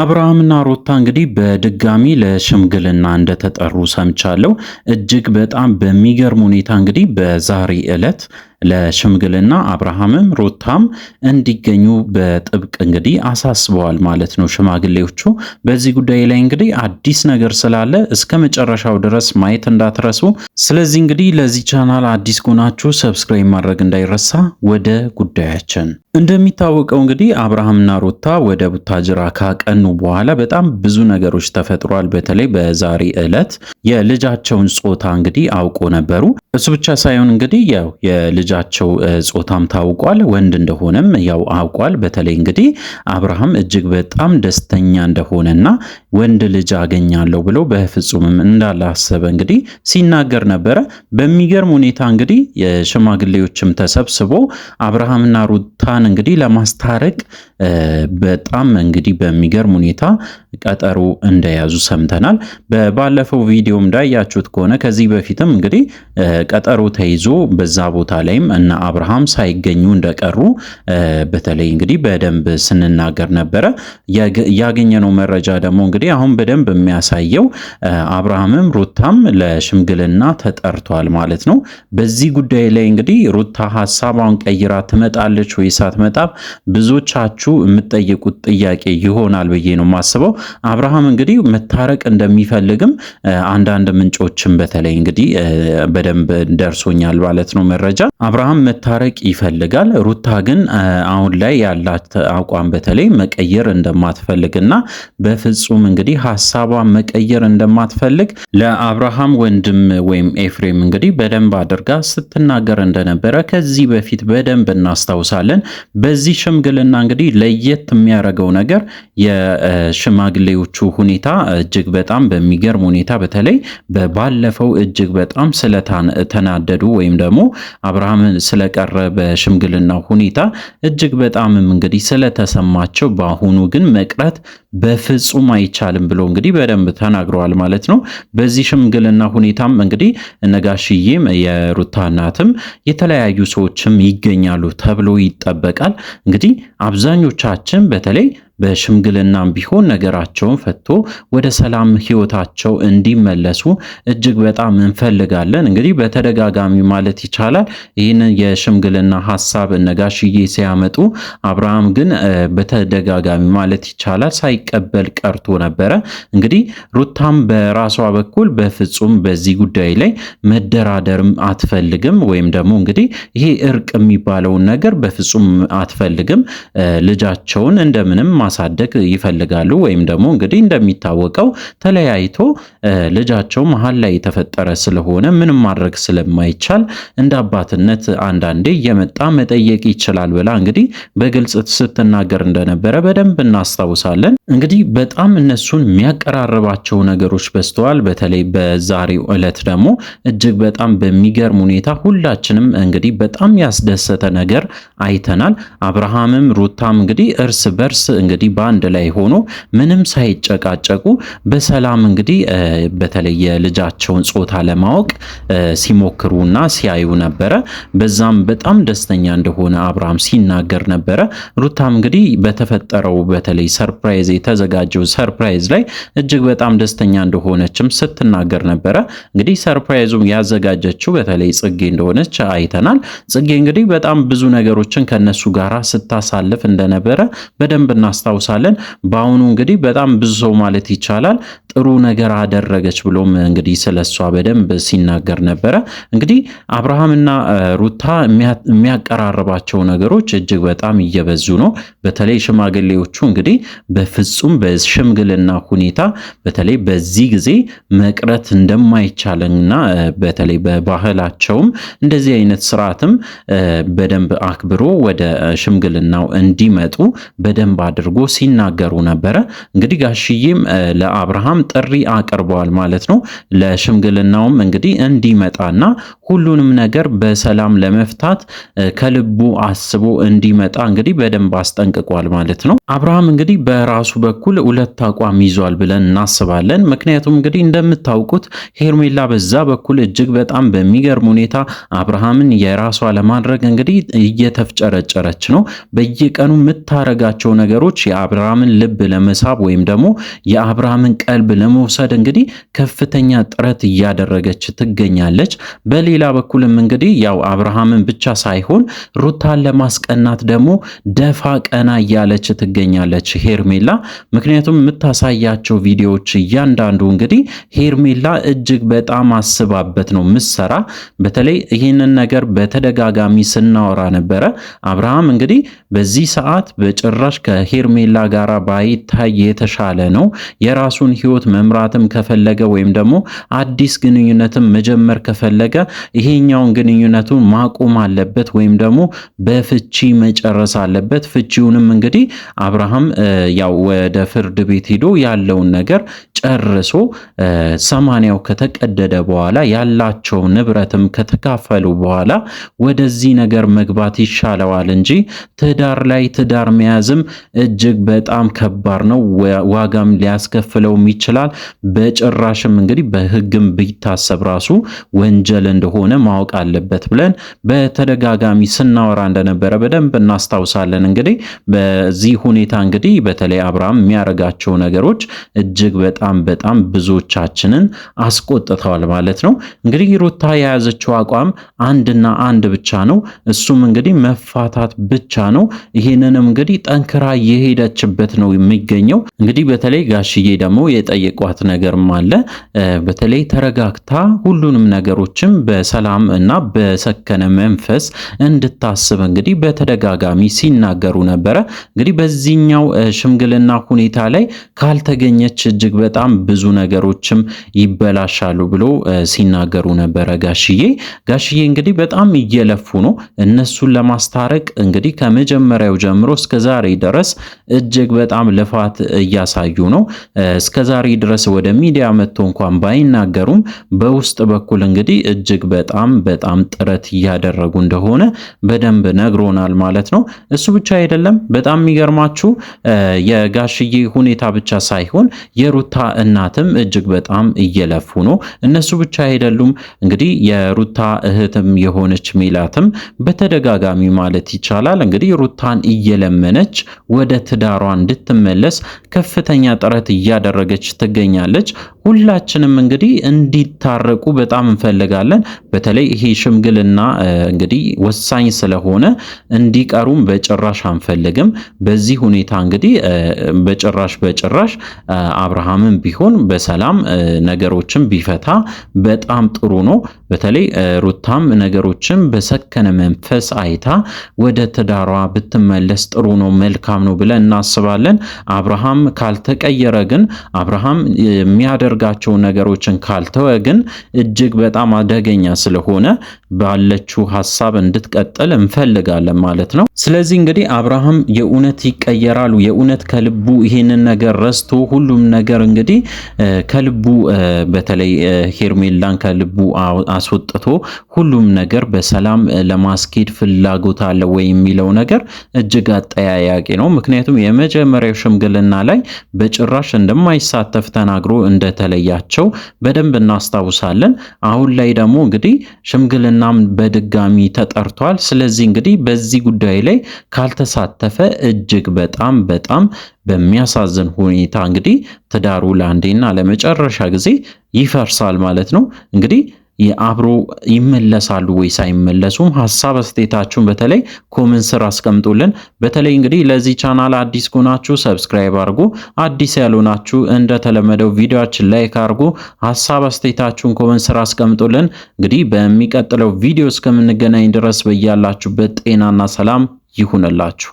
አብርሃምና ሮታ እንግዲህ በድጋሚ ለሽምግልና እንደተጠሩ ሰምቻለሁ። እጅግ በጣም በሚገርም ሁኔታ እንግዲህ በዛሬ ዕለት ለሽምግልና አብርሃምም ሩታም እንዲገኙ በጥብቅ እንግዲህ አሳስበዋል ማለት ነው ሽማግሌዎቹ። በዚህ ጉዳይ ላይ እንግዲህ አዲስ ነገር ስላለ እስከ መጨረሻው ድረስ ማየት እንዳትረሱ። ስለዚህ እንግዲህ ለዚህ ቻናል አዲስ ከሆናችሁ ሰብስክራይብ ማድረግ እንዳይረሳ። ወደ ጉዳያችን እንደሚታወቀው እንግዲህ አብርሃምና ሩታ ወደ ቡታጅራ ካቀኑ በኋላ በጣም ብዙ ነገሮች ተፈጥሯል። በተለይ በዛሬ ዕለት የልጃቸውን ጾታ እንግዲህ አውቆ ነበሩ። እሱ ብቻ ሳይሆን እንግዲህ ያው የልጃቸው ጾታም ታውቋል፣ ወንድ እንደሆነም ያው አውቋል። በተለይ እንግዲህ አብርሃም እጅግ በጣም ደስተኛ እንደሆነና ወንድ ልጅ አገኛለሁ ብሎ በፍጹምም እንዳላሰበ እንግዲህ ሲናገር ነበረ። በሚገርም ሁኔታ እንግዲህ የሽማግሌዎችም ተሰብስቦ አብርሃምና ሩታን እንግዲህ ለማስታረቅ በጣም እንግዲህ በሚገርም ሁኔታ ቀጠሮ እንደያዙ ሰምተናል። ባለፈው ቪዲዮም እንዳያችሁት ከሆነ ከዚህ በፊትም እንግዲህ ቀጠሮ ተይዞ በዛ ቦታ ላይም እነ አብርሃም ሳይገኙ እንደቀሩ በተለይ እንግዲህ በደንብ ስንናገር ነበረ። ያገኘነው መረጃ ደግሞ እንግዲህ አሁን በደንብ የሚያሳየው አብርሃምም ሩታም ለሽምግልና ተጠርቷል ማለት ነው። በዚህ ጉዳይ ላይ እንግዲህ ሩታ ሀሳቧን ቀይራ ትመጣለች ወይ ሳትመጣም ብዙዎቻችሁ የምትጠይቁት ጥያቄ ይሆናል ብዬ ነው የማስበው። አብርሃም እንግዲህ መታረቅ እንደሚፈልግም አንዳንድ ምንጮችም በተለይ እንግዲህ በደንብ ደርሶኛል ማለት ነው መረጃ። አብርሃም መታረቅ ይፈልጋል። ሩታ ግን አሁን ላይ ያላት አቋም በተለይ መቀየር እንደማትፈልግና በፍጹም እንግዲህ ሀሳቧ መቀየር እንደማትፈልግ ለአብርሃም ወንድም ወይም ኤፍሬም እንግዲህ በደንብ አድርጋ ስትናገር እንደነበረ ከዚህ በፊት በደንብ እናስታውሳለን። በዚህ ሽምግልና እንግዲህ ለየት የሚያደርገው ነገር የሽማግሌዎቹ ሁኔታ እጅግ በጣም በሚገርም ሁኔታ በተለይ በባለፈው እጅግ በጣም ተናደዱ ወይም ደግሞ አብርሃም ስለቀረ በሽምግልና ሁኔታ እጅግ በጣምም እንግዲህ ስለተሰማቸው በአሁኑ ግን መቅረት በፍጹም አይቻልም ብሎ እንግዲህ በደንብ ተናግረዋል ማለት ነው። በዚህ ሽምግልና ሁኔታም እንግዲህ ነጋሽዬም የሩታ እናትም የተለያዩ ሰዎችም ይገኛሉ ተብሎ ይጠበቃል። እንግዲህ አብዛኞቻችን በተለይ በሽምግልናም ቢሆን ነገራቸውን ፈቶ ወደ ሰላም ህይወታቸው እንዲመለሱ እጅግ በጣም እንፈልጋለን። እንግዲህ በተደጋጋሚ ማለት ይቻላል ይህንን የሽምግልና ሀሳብ እነጋሽዬ ሲያመጡ አብርሃም ግን በተደጋጋሚ ማለት ይቻላል ሳይቀበል ቀርቶ ነበረ። እንግዲህ ሩታም በራሷ በኩል በፍጹም በዚህ ጉዳይ ላይ መደራደርም አትፈልግም፣ ወይም ደግሞ እንግዲህ ይሄ እርቅ የሚባለውን ነገር በፍጹም አትፈልግም። ልጃቸውን እንደምንም ማሳደግ ይፈልጋሉ። ወይም ደግሞ እንግዲህ እንደሚታወቀው ተለያይቶ ልጃቸው መሀል ላይ የተፈጠረ ስለሆነ ምንም ማድረግ ስለማይቻል እንደ አባትነት አንዳንዴ እየመጣ መጠየቅ ይችላል ብላ እንግዲህ በግልጽ ስትናገር እንደነበረ በደንብ እናስታውሳለን። እንግዲህ በጣም እነሱን የሚያቀራርባቸው ነገሮች በስተዋል። በተለይ በዛሬው ዕለት ደግሞ እጅግ በጣም በሚገርም ሁኔታ ሁላችንም እንግዲህ በጣም ያስደሰተ ነገር አይተናል። አብርሃምም ሩታም እንግዲህ እርስ በርስ እንግዲህ በአንድ ላይ ሆኖ ምንም ሳይጨቃጨቁ በሰላም እንግዲህ በተለይ የልጃቸውን ጾታ ለማወቅ ሲሞክሩና ሲያዩ ነበረ። በዛም በጣም ደስተኛ እንደሆነ አብርሃም ሲናገር ነበረ። ሩታም እንግዲህ በተፈጠረው በተለይ ሰርፕራይዝ የተዘጋጀው ሰርፕራይዝ ላይ እጅግ በጣም ደስተኛ እንደሆነችም ስትናገር ነበረ። እንግዲህ ሰርፕራይዙም ያዘጋጀችው በተለይ ጽጌ እንደሆነች አይተናል። ጽጌ እንግዲህ በጣም ብዙ ነገሮችን ከነሱ ጋራ ስታሳልፍ እንደነበረ በደንብ እናስ እናስታውሳለን። በአሁኑ እንግዲህ በጣም ብዙ ሰው ማለት ይቻላል ጥሩ ነገር አደረገች ብሎም እንግዲህ ስለሷ በደንብ ሲናገር ነበረ። እንግዲህ አብርሃምና ሩታ የሚያቀራርባቸው ነገሮች እጅግ በጣም እየበዙ ነው። በተለይ ሽማግሌዎቹ እንግዲህ በፍጹም በሽምግልና ሁኔታ በተለይ በዚህ ጊዜ መቅረት እንደማይቻልና በተለይ በባህላቸውም እንደዚህ አይነት ስርዓትም በደንብ አክብሮ ወደ ሽምግልናው እንዲመጡ በደንብ አድርጎ አድርጎ ሲናገሩ ነበረ። እንግዲህ ጋሽዬም ለአብርሃም ጥሪ አቅርበዋል ማለት ነው። ለሽምግልናውም እንግዲህ እንዲመጣና ሁሉንም ነገር በሰላም ለመፍታት ከልቡ አስቦ እንዲመጣ እንግዲህ በደንብ አስጠንቅቋል ማለት ነው። አብርሃም እንግዲህ በራሱ በኩል ሁለት አቋም ይዟል ብለን እናስባለን። ምክንያቱም እንግዲህ እንደምታውቁት ሄርሜላ በዛ በኩል እጅግ በጣም በሚገርም ሁኔታ አብርሃምን የራሷ ለማድረግ እንግዲህ እየተፍጨረጨረች ነው። በየቀኑ የምታረጋቸው ነገሮች የአብርሃምን ልብ ለመሳብ ወይም ደግሞ የአብርሃምን ቀልብ ለመውሰድ እንግዲህ ከፍተኛ ጥረት እያደረገች ትገኛለች። በሌላ በኩልም እንግዲህ ያው አብርሃምን ብቻ ሳይሆን ሩታን ለማስቀናት ደግሞ ደፋ ቀና እያለች ትገኛለች ሄርሜላ። ምክንያቱም የምታሳያቸው ቪዲዮዎች እያንዳንዱ እንግዲህ ሄርሜላ እጅግ በጣም አስባበት ነው ምሰራ። በተለይ ይህንን ነገር በተደጋጋሚ ስናወራ ነበረ። አብርሃም እንግዲህ በዚህ ሰዓት በጭራሽ ከሄር ከሄርሜላ ጋር ባይታይ የተሻለ ነው። የራሱን ህይወት መምራትም ከፈለገ ወይም ደግሞ አዲስ ግንኙነትም መጀመር ከፈለገ ይሄኛውን ግንኙነቱን ማቆም አለበት ወይም ደግሞ በፍቺ መጨረስ አለበት። ፍቺውንም እንግዲህ አብርሃም ያው ወደ ፍርድ ቤት ሂዶ ያለውን ነገር ጨርሶ ሰማንያው ከተቀደደ በኋላ ያላቸው ንብረትም ከተካፈሉ በኋላ ወደዚህ ነገር መግባት ይሻለዋል እንጂ ትዳር ላይ ትዳር መያዝም እጅግ በጣም ከባድ ነው። ዋጋም ሊያስከፍለውም ይችላል። በጭራሽም እንግዲህ በሕግም ቢታሰብ ራሱ ወንጀል እንደሆነ ማወቅ አለበት ብለን በተደጋጋሚ ስናወራ እንደነበረ በደንብ እናስታውሳለን። እንግዲህ በዚህ ሁኔታ እንግዲህ በተለይ አብርሃም የሚያደርጋቸው ነገሮች እጅግ በጣም በጣም በጣም ብዙዎቻችንን አስቆጥተዋል ማለት ነው። እንግዲህ ሩታ የያዘችው አቋም አንድና አንድ ብቻ ነው። እሱም እንግዲህ መፋታት ብቻ ነው። ይህንንም እንግዲህ ጠንክራ የሄደችበት ነው የሚገኘው። እንግዲህ በተለይ ጋሽዬ ደግሞ የጠየቋት ነገርም አለ። በተለይ ተረጋግታ ሁሉንም ነገሮችም በሰላም እና በሰከነ መንፈስ እንድታስብ እንግዲህ በተደጋጋሚ ሲናገሩ ነበረ። እንግዲህ በዚህኛው ሽምግልና ሁኔታ ላይ ካልተገኘች እጅግ በጣም በጣም ብዙ ነገሮችም ይበላሻሉ ብሎ ሲናገሩ ነበረ ጋሽዬ። ጋሽዬ እንግዲህ በጣም እየለፉ ነው እነሱን ለማስታረቅ እንግዲህ ከመጀመሪያው ጀምሮ እስከ ዛሬ ድረስ እጅግ በጣም ልፋት እያሳዩ ነው። እስከ ዛሬ ድረስ ወደ ሚዲያ መጥቶ እንኳን ባይናገሩም በውስጥ በኩል እንግዲህ እጅግ በጣም በጣም ጥረት እያደረጉ እንደሆነ በደንብ ነግሮናል ማለት ነው። እሱ ብቻ አይደለም። በጣም የሚገርማችሁ የጋሽዬ ሁኔታ ብቻ ሳይሆን የሩታ እናትም እጅግ በጣም እየለፉ ነው። እነሱ ብቻ አይደሉም እንግዲህ የሩታ እህትም የሆነች ሜላትም በተደጋጋሚ ማለት ይቻላል እንግዲህ ሩታን እየለመነች ወደ ትዳሯ እንድትመለስ ከፍተኛ ጥረት እያደረገች ትገኛለች። ሁላችንም እንግዲህ እንዲታረቁ በጣም እንፈልጋለን። በተለይ ይሄ ሽምግልና እንግዲህ ወሳኝ ስለሆነ እንዲቀሩም በጭራሽ አንፈልግም። በዚህ ሁኔታ እንግዲህ በጭራሽ በጭራሽ አብርሃምን ቢሆን በሰላም ነገሮችን ቢፈታ በጣም ጥሩ ነው። በተለይ ሩታም ነገሮችን በሰከነ መንፈስ አይታ ወደ ትዳሯ ብትመለስ ጥሩ ነው፣ መልካም ነው ብለን እናስባለን። አብርሃም ካልተቀየረ ግን አብርሃም የሚያደርጋቸው ነገሮችን ካልተወ ግን እጅግ በጣም አደገኛ ስለሆነ ባለችው ሀሳብ እንድትቀጥል እንፈልጋለን ማለት ነው። ስለዚህ እንግዲህ አብርሃም የእውነት ይቀየራሉ የእውነት ከልቡ ይህንን ነገር ረስቶ ሁሉም ነገር እንግዲህ ከልቡ በተለይ ሄርሜላን ከልቡ አስወጥቶ ሁሉም ነገር በሰላም ለማስኬድ ፍላጎት አለ ወይ የሚለው ነገር እጅግ አጠያያቂ ነው። ምክንያቱም የመጀመሪያው ሽምግልና ላይ በጭራሽ እንደማይሳተፍ ተናግሮ እንደተለያቸው በደንብ እናስታውሳለን። አሁን ላይ ደግሞ እንግዲህ ሽምግልናም በድጋሚ ተጠርቷል። ስለዚህ እንግዲህ በዚህ ጉዳይ ላይ ካልተሳተፈ እጅግ በጣም በጣም በሚያሳዝን ሁኔታ እንግዲህ ትዳሩ ለአንዴና ለመጨረሻ ጊዜ ይፈርሳል ማለት ነው እንግዲህ አብሮ ይመለሳሉ ወይስ አይመለሱም? ሀሳብ አስተያየታችሁን በተለይ ኮመንት ስር አስቀምጡልን። በተለይ እንግዲህ ለዚህ ቻናል አዲስ ከሆናችሁ ሰብስክራይብ አድርጉ። አዲስ ያልሆናችሁ እንደተለመደው ቪዲዮችን ላይክ አድርጉ። ሀሳብ አስተያየታችሁን ኮመንት ስር አስቀምጡልን። እንግዲህ በሚቀጥለው ቪዲዮ እስከምንገናኝ ድረስ በያላችሁበት ጤናና ሰላም ይሁንላችሁ።